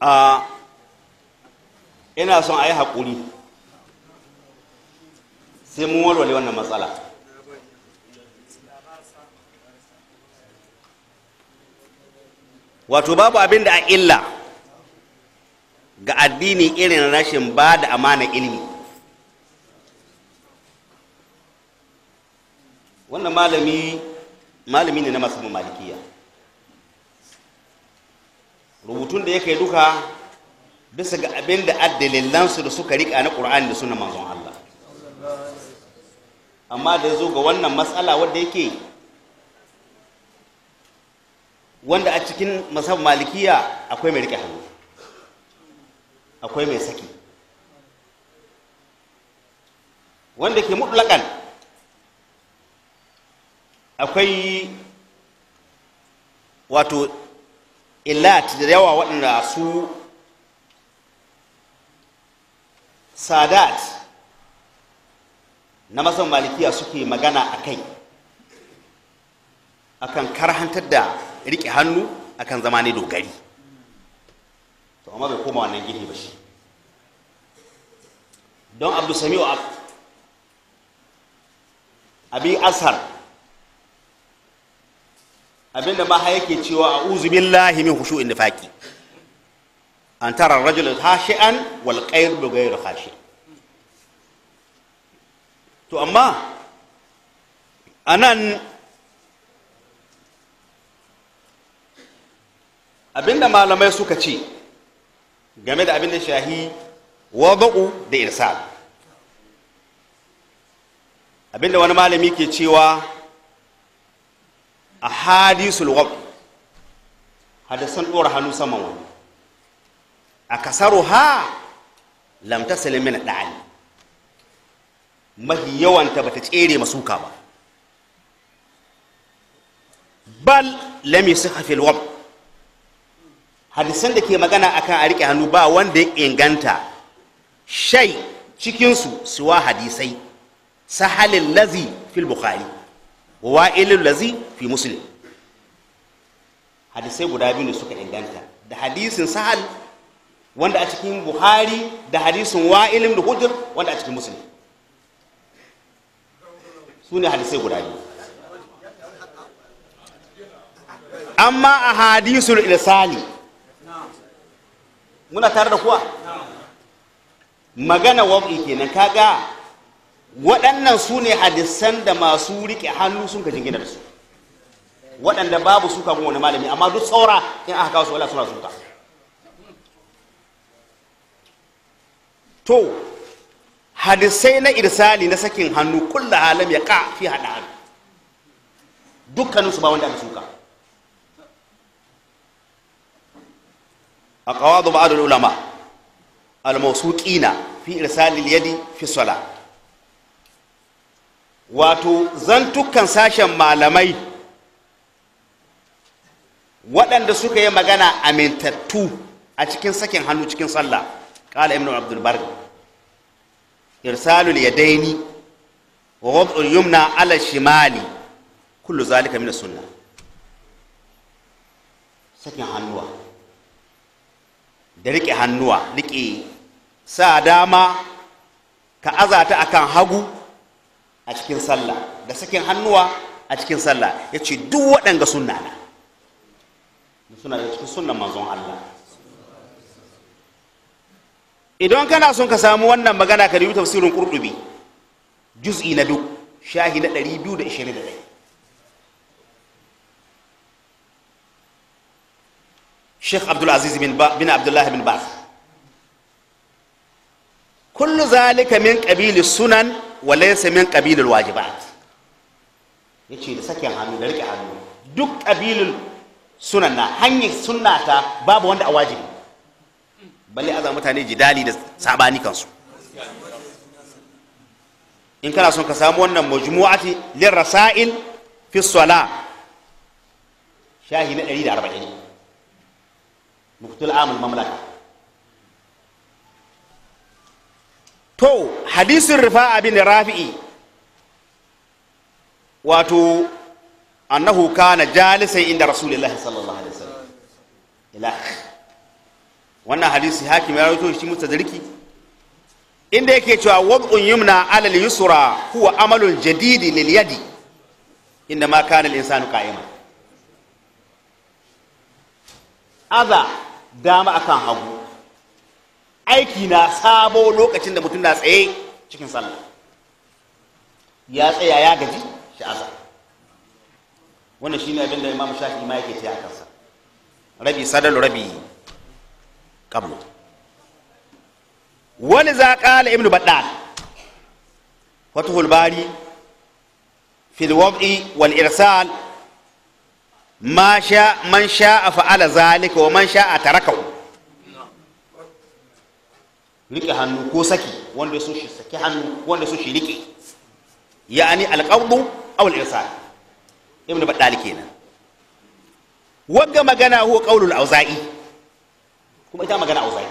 a ina son a yi haƙuri sai mun warware wannan matsala wato babu abin da a illa ga addini irin rashin ba da amana ilimi wannan malami malami ne na masu malikiya rubutun da ya kai duka bisa ga abin da lansu da suka rika na ƙur'ani da suna manzon Allah amma da ya zo ga wannan matsala wadda yake wanda a cikin masab malikiya akwai mai rike hannu akwai mai saki wanda ke mutlakan akwai wato illat da yawa waɗanda su sadat na masan malikiya suke magana a kai a kan karhantar da riƙe hannu akan zama ne dogari to amma bai koma wannan gini ba shi don abi asar abinda ma yake cewa a uzu billahi min in nifaqi an tara rajul khashi'an wal qayr bi ghayri khashi to amma anan abinda malamai suka ce game da abinda shahi wadau da irsal abinda wani malami ke cewa a hadisul wab hadisan ɗora hannu saman wani a kasaru ha lamta salimina ɗa'ali mahi yawanta bata tsere masuka ba bal lam yusika wab hadisan da ke magana akan a riƙe hannu ba wanda ya inganta shai cikinsu suwa hadisai sahalin lazi fil bukhari wa ilil lazi fi muslim hadisai guda biyu suka inganta da hadisin sahal wanda a cikin buhari da hadisin wa wa'ilin da hujjar wanda a cikin musulun su ne hadisai guda biyu amma a hadisul irsali muna tare da kuwa magana wab'i kenan kaga waɗannan su ne hadisan da masu riƙe hannu sun ka jingina da su waɗanda babu suka kuma wani malami amma duk tsora in aka kawo su wala suna suka to hadisai na irsali na sakin hannu kulla halam ya ka fi hada hannu dukkaninsu ba wanda aka suka a kawadu ba'adul ulama al-mawsuqina fi irsali al-yadi fi salat wato zantukan sashen malamai waɗanda suka yi magana amintattu a cikin sakin hannu cikin sallah ƙala ibn abdul bar irsalul yadaini wa wad'ul yumna ala shimali kullu zalika min sunna sakin hannuwa da riƙe hannuwa riƙe sa dama ka azata akan hagu a cikin sallah da sakin hannuwa a cikin sallah ya ce duk waɗanga sunna na suna da cikin sunnan manzon Allah idan kana son ka samu wannan magana ka dubi tafsirin qurtubi juz'i na duk shahi na 221 Sheikh Abdul Aziz bin bin Abdullah bin Baz kullu zalika min qabili sunan walaysa min qabilil wajibat yace da sakin hannu da rike hannu duk qabilul sunanna hanyar sunnata babu wanda a wajibi balle aza mutane jidali da sabani kansu in kana son ka samu wannan majmu'ati lin rasail fi sala shahi na 140 muftul amul mamlaka to hadisin abin da rafi'i wato annahu kana jalisai inda rasulullahi sallallahu alaihi wasallam wannan hadisi hakim ya rawaito shi mutazariki inda yake cewa wad'un yumna alal yusra huwa amalun jadidi lil yadi inda ma kana al insanu qa'ima aza dama akan hagu aiki na sabo lokacin da mutum na tsaye cikin sallah ya tsaya ya gaji shi aza wannan shine abin da imam shafi ma yake ce a kansa rabi sadalu rabi qablu wani za qala ibnu Badda fatuhul bari fil wad'i wal irsal ma sha man sha'a fa'ala zalika wa man sha'a tarakahu rike hannu ko saki wanda sun shi saki hannu wanda so shi rike ya'ani alqabdu aw al-irsal ibn baddal kenan wagga magana huwa qaulul auza'i kuma ita magana auza'i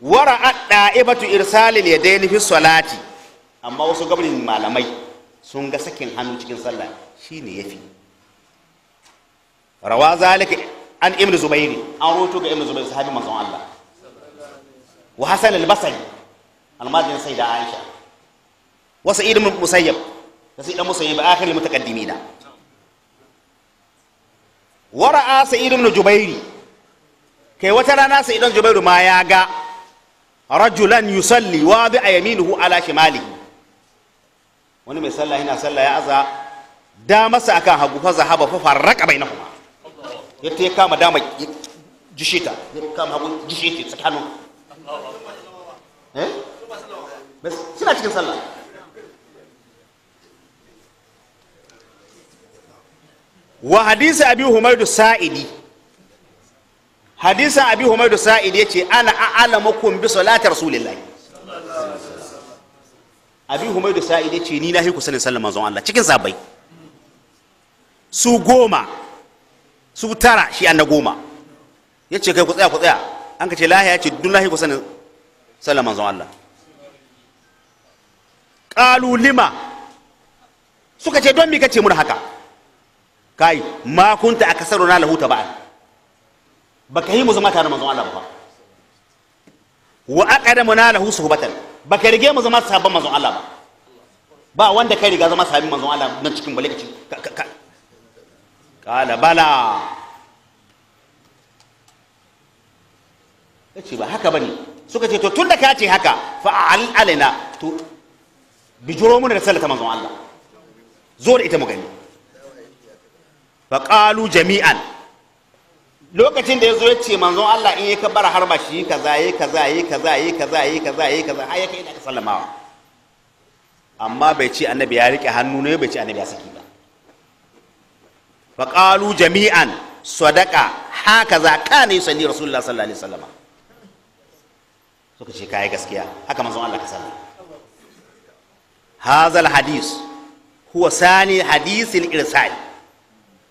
wara da'ibatu irsalil yadayn fi salati amma wasu gabrin malamai sun ga sakin hannu cikin sallah shine yafi rawa zalika an ibnu zubairi an roto ga ibnu zubairi sahabi manzon Allah وحسن البصري الماجن سيدة عائشة وسيد بن مسيب سعيد بن مسيب آخر المتقدمين ورأى سيد بن جبير كي وترانا سيد بن جبير ما ياغا رجلا يصلي واضع يمينه على شماله wani mai sallah yana sallah ya aza da masa akan hagu fa zahaba fa farraka bainahuma yatta ya kama dama jishita eh suna cikin sallah wa hadisi abi humaidu sa'ili hadisin abi humaidu sa'idi yace ana a'lamukum bi salati rasulillahi abi humaidu sa'idi yace ni nahi ku sanin sallama manzon Allah cikin sabai su goma su tara shi an na goma yace kai ku tsaya ku tsaya an ka ce lahiya ce dun lahi ku sanin sallama manzon Allah ƙalu lima suka ce don ka ce mun haka kai kasar rana lahuta ba ba ka yi mu zama tare manzon Allah ba wa mana lahu suhbatan ka rige mu zama sahabban manzon Allah ba ba wanda kai riga zama sahabin manzon Allah nan cikin balikaci kala bala ya ce ba haka ba ne suka ce to tun da ka ce haka fa alina to bijiro mu da sallata manzon Allah zo da ita mu gani fa qalu jami'an lokacin da yazo ya ce manzon Allah in ya kabbara har ba shi kaza yayi kaza yayi kaza yayi kaza yayi kaza yayi kaza har ya kai da sallamawa amma bai ce annabi ya rike hannu ne bai ce annabi ya saki ba fa qalu jami'an za hakaza ne yusalli rasulullah sallallahu alaihi wasallam suka ce kayi gaskiya haka manzon Allah ka sani hazal hadis huwa sani hadisil irsal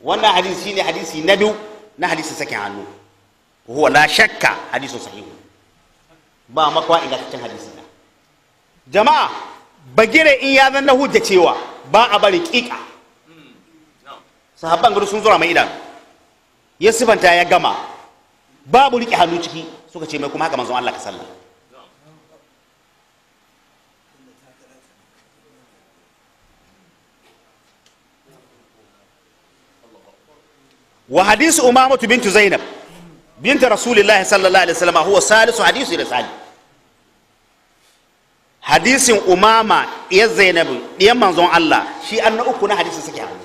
wannan hadisi shine hadisi na biyu na hadisi sakin hannu huwa la shakka hadisun sahihu ba makwa ingantaccen hadisi na jama'a bagire in ya zanna na hujja cewa ba a bari kika sahabban gudu sun zura mai idanu ya sifanta ya gama babu riƙe hannu ciki suka ce mai kuma haka manzon Allah ka sallah wa hadisu umamatu bintu zainab binta rasulillahi sallallahu alaihi wasallam huwa salisu hadisu ila sali hadisin umama ya zainabu ɗiyan manzon Allah shi an na uku na hadisin suke hannu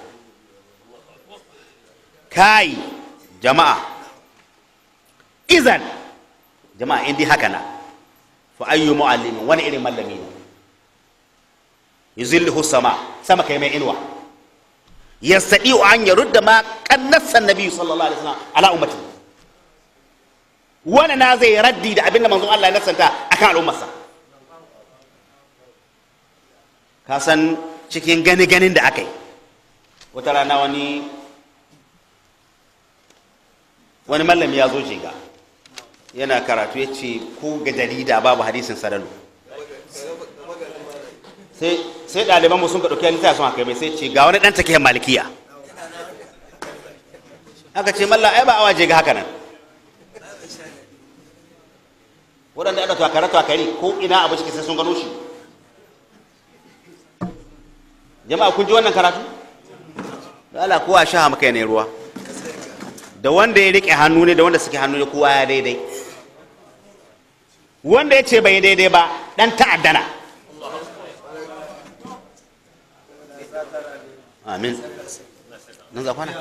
kai jama'a izan jama'a indi haka na fa ayyu mu'allimin wani irin mallami ne yuzillihu sama sama kai mai inuwa wa an yarudda ma kannasa nabi sallallahu alaihi wasallam ala ummati wani na zai raddi da abinda manzon Allah ya nasanta akan sa? ka san cikin gani ganin da aka yi wata rana wani wani ya zo jiga yana karatu ya ce ko ga jarida babu hadisin sadalu sai ɗaliban mu sun ka ɗauki littafi sun haka mai sai ce ga wani ɗan takiyar malikiya aka ce malla ai ba awa je ga haka nan waɗanda ana twakare twakare ko ina abu ciki sai sun gano shi jama'a kun ji wannan karatu da ala kowa sha maka ne ruwa da wanda ya riƙe hannu ne da wanda suke hannu ne kowa ya daidai wanda ya ce bai daidai ba ɗan ta'addana 啊，没，能咋换呢？